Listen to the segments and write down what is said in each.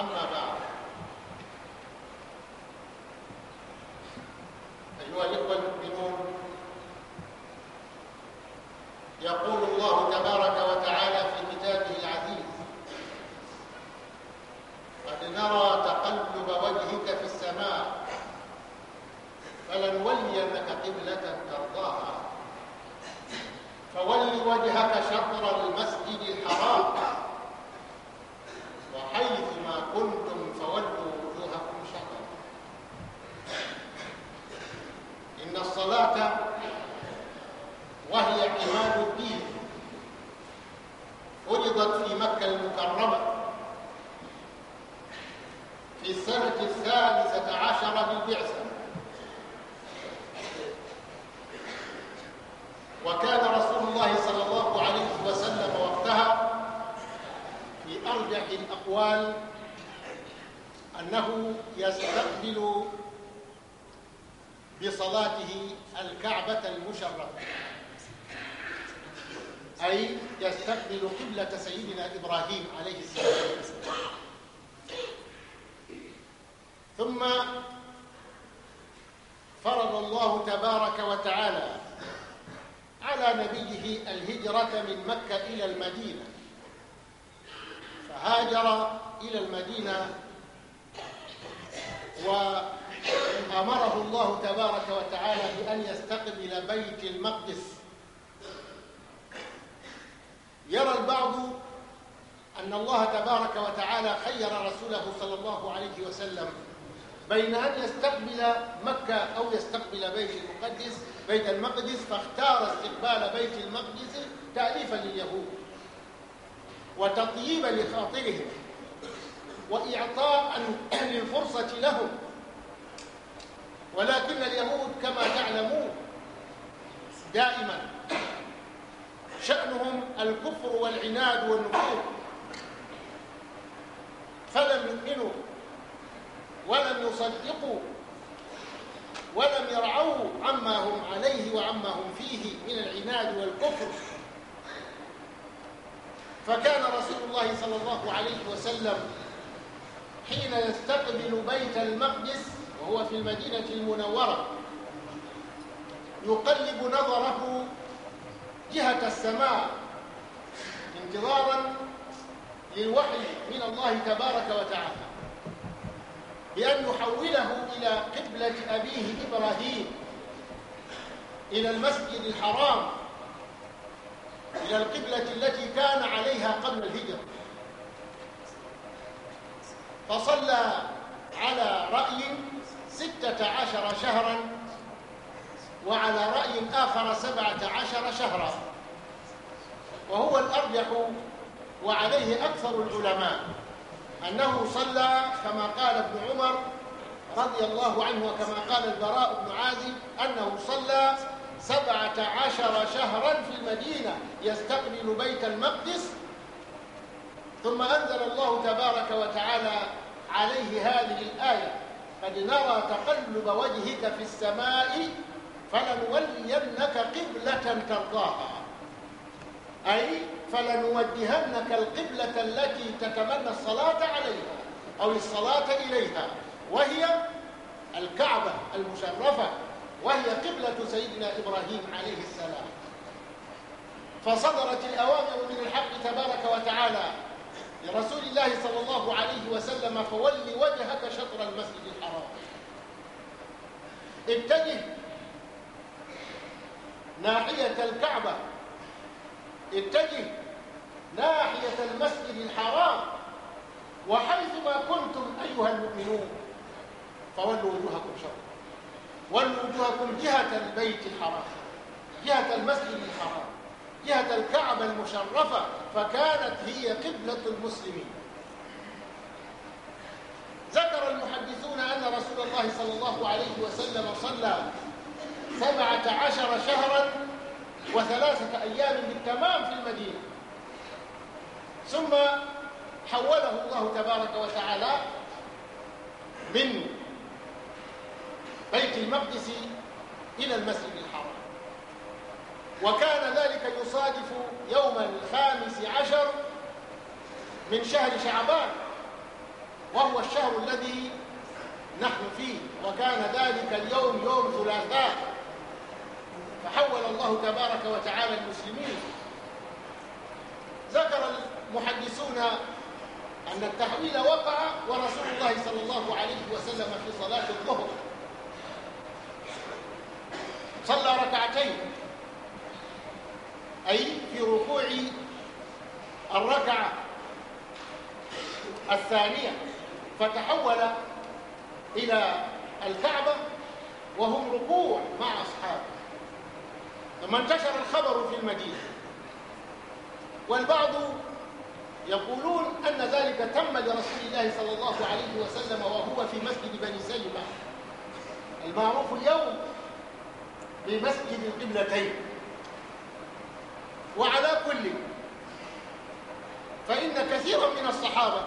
أما بعد أيها الإخوة الصلاة وهي عماد الدين فرضت في مكة المكرمة في السنة الثالثة عشرة للبعثة وكان رسول الله صلى الله عليه وسلم وقتها في أرجح الأقوال أنه يستقبل بصلاته الكعبة المشرفة أي يستقبل قبلة سيدنا إبراهيم عليه السلام ثم فرض الله تبارك وتعالى على نبيه الهجرة من مكة إلى المدينة فهاجر إلى المدينة و أمره الله تبارك وتعالى بأن يستقبل بيت المقدس يرى البعض أن الله تبارك وتعالى خير رسوله صلى الله عليه وسلم بين أن يستقبل مكة أو يستقبل بيت المقدس بيت المقدس فاختار استقبال بيت المقدس تأليفا لليهود وتطييبا لخاطرهم وإعطاء للفرصة لهم ولكن اليهود كما تعلمون دائما شأنهم الكفر والعناد والنفور فلم يؤمنوا ولم يصدقوا ولم يرعوا عما هم عليه وعما هم فيه من العناد والكفر فكان رسول الله صلى الله عليه وسلم حين يستقبل بيت المقدس وهو في المدينة المنورة يقلب نظره جهة السماء انتظارا للوحي من الله تبارك وتعالى بأن يحوله إلى قبلة أبيه إبراهيم إلى المسجد الحرام إلى القبلة التي كان عليها قبل الهجرة فصلى على رأي ستة عشر شهرا وعلى رأي آخر سبعة عشر شهرا وهو الأرجح وعليه أكثر العلماء أنه صلى كما قال ابن عمر رضي الله عنه وكما قال البراء بن عازب أنه صلى سبعة عشر شهرا في المدينة يستقبل بيت المقدس ثم أنزل الله تبارك وتعالى عليه هذه الآية قد نرى تقلب وجهك في السماء فلنولينك قبلة ترضاها أي فلنوجهنك القبلة التي تتمنى الصلاة عليها أو الصلاة إليها وهي الكعبة المشرفة وهي قبلة سيدنا إبراهيم عليه السلام فصدرت الأوامر من الحق تبارك وتعالى لرسول الله صلى الله عليه وسلم فول وجهك شطر المسجد الحرام اتجه ناحية الكعبة اتجه ناحية المسجد الحرام وحيثما كنتم أيها المؤمنون فولوا وجوهكم شطر ولوا وجوهكم جهة البيت الحرام جهة المسجد الحرام جهة الكعبة المشرفة فكانت هي قبلة المسلمين ذكر المحدثون أن رسول الله صلى الله عليه وسلم صلى سبعة عشر شهرا وثلاثة أيام بالتمام في المدينة ثم حوله الله تبارك وتعالى من بيت المقدس إلى المسجد الحرام وكان ذلك يصادف يوم الخامس عشر من شهر شعبان وهو الشهر الذي نحن فيه وكان ذلك اليوم يوم ثلاثاء فحول الله تبارك وتعالى المسلمين ذكر المحدثون أن التحويل وقع ورسول الله صلى الله عليه وسلم في صلاة الظهر صلى ركعتين أي في ركوع الركعة الثانية فتحول إلى الكعبة وهم ركوع مع أصحابه لما انتشر الخبر في المدينة والبعض يقولون أن ذلك تم لرسول الله صلى الله عليه وسلم وهو في مسجد بني سلمة المعروف اليوم بمسجد القبلتين وعلى كل فإن كثيرا من الصحابة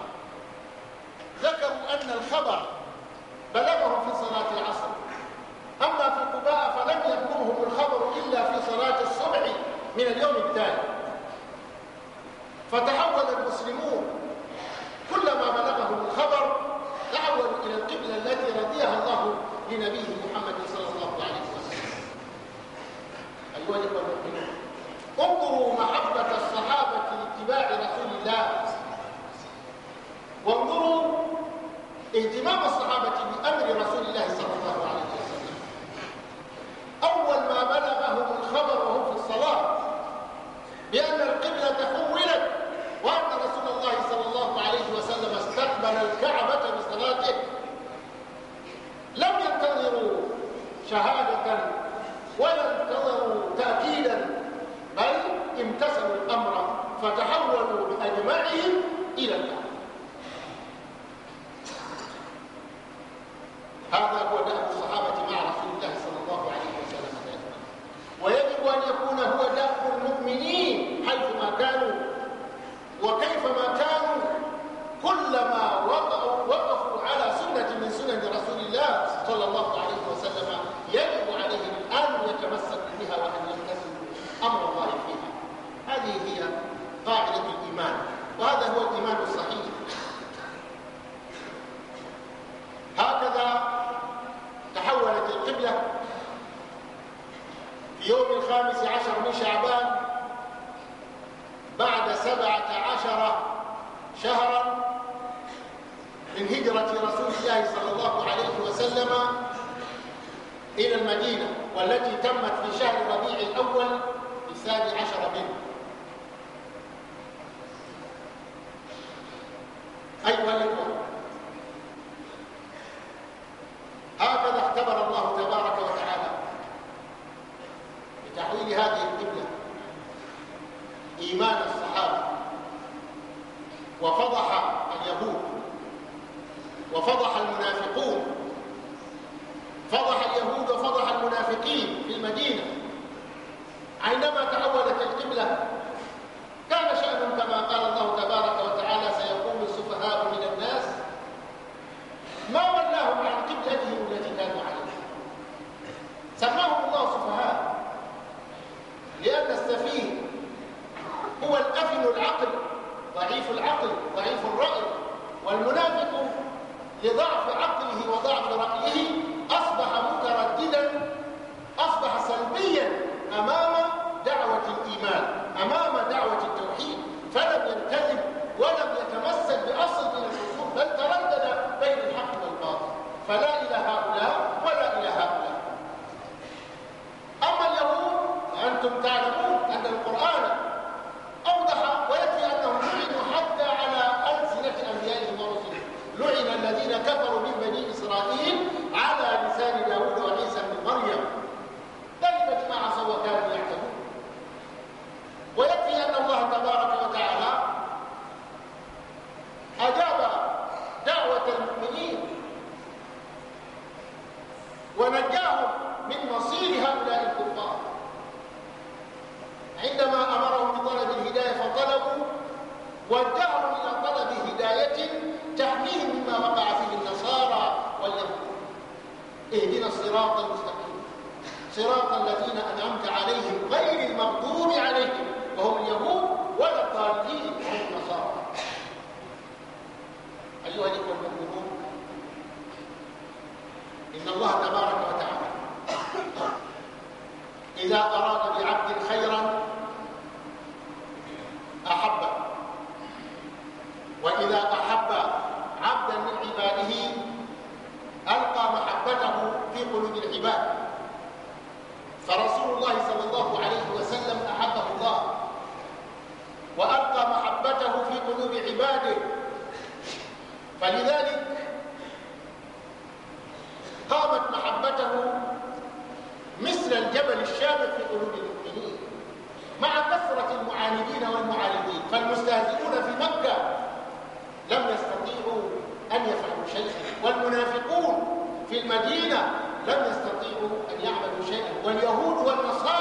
إلى المدينة والتي تمت في شهر ربيع الأول الثاني عشر منه أيها الأخوة هكذا اختبر الله تبارك وتعالى بتحويل هذه القبلة إيمان الصحابة وفضح اليهود وفضح المنافقون فضح اليهود وفضح المنافقين في المدينة عندما تعودت القبلة ودعهم إلى طلب هداية تحميهم مما وقع فيه النصارى واليهود اهدنا الصراط المستقيم صراط الذين أنعمت عليهم غير المغضوب عليهم وهم اليهود ولا الضالين وهم النصارى أيها الإخوة المؤمنون إن الله تبارك وتعالى إذا أراد بعبد خيرا إذا أحب عبدا من عباده ألقى محبته في قلوب العباد فرسول الله صلى الله عليه وسلم أحبه الله وألقى محبته في قلوب عباده فلذلك قامت محبته مثل الجبل الشامخ في قلوب المؤمنين مع كثرة المعاندين والمعاندين فالمستهزئون في مكة والمنافقون في المدينة لم يستطيعوا أن يعملوا شيئا واليهود والنصارى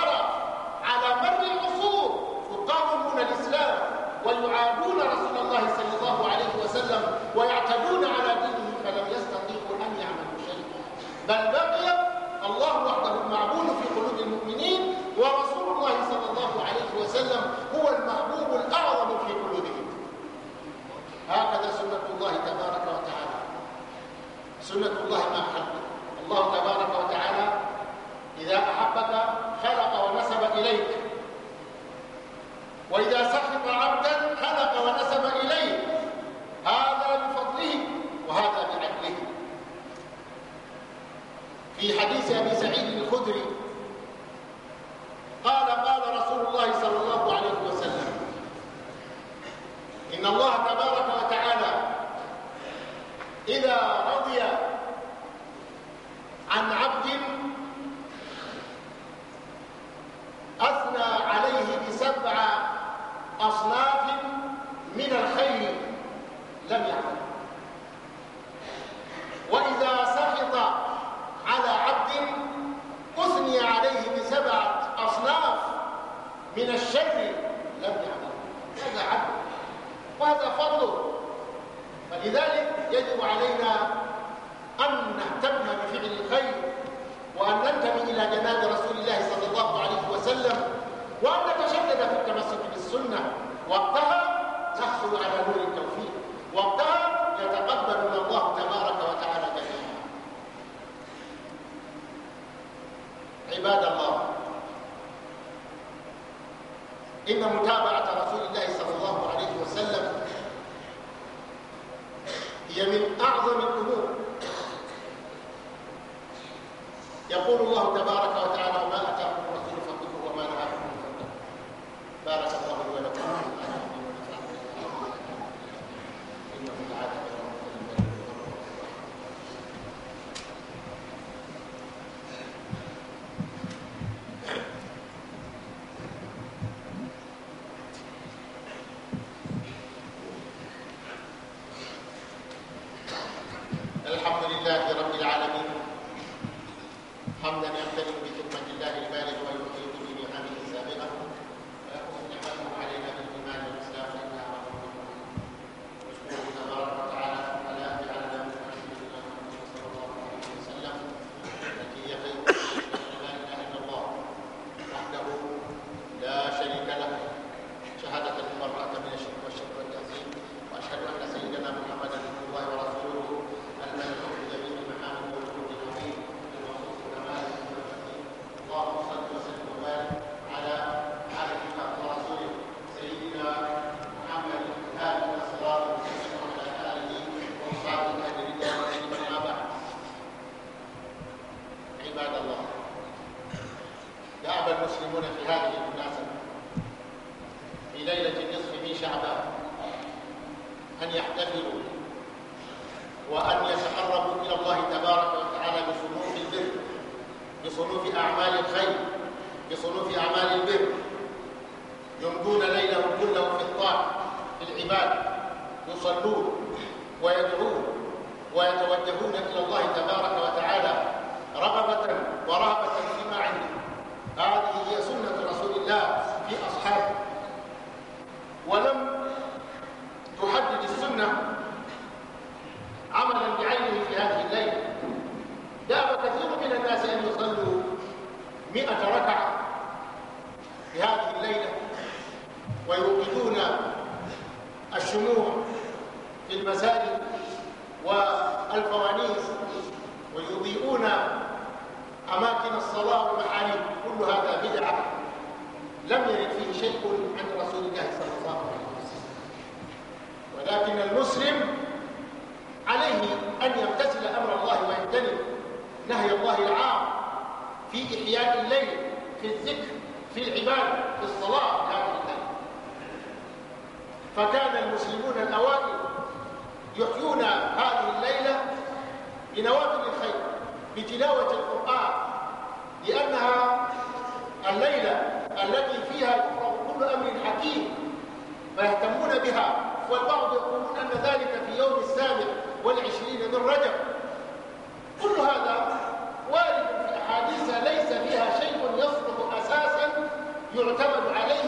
the Savior إن متابعة رسول الله صلى الله عليه وسلم هي من أعظم الأمور يقول الله تبارك وتعالى الحمد لله رب العالمين حمدا يمتلئ بحكمه الله البالغة بالعباد يصلون ويدعون ويتوجهون إلى الله تبارك وتعالى رغبة ورهبة فيما عنده هذه هي سنة رسول الله في أصحابه ولم تحدد السنة عملا بعينه في هذه الليلة داب كثير من الناس أن يصلوا مئة ركعة في هذه الليلة ويوقعون الشموع في المساجد والفوانيس ويهتمون بها والبعض يقولون أن ذلك في يوم السابع والعشرين من رجب كل هذا وارد في أحاديث ليس فيها شيء يصلح أساسا يعتمد عليه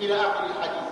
إلى آخر الحديث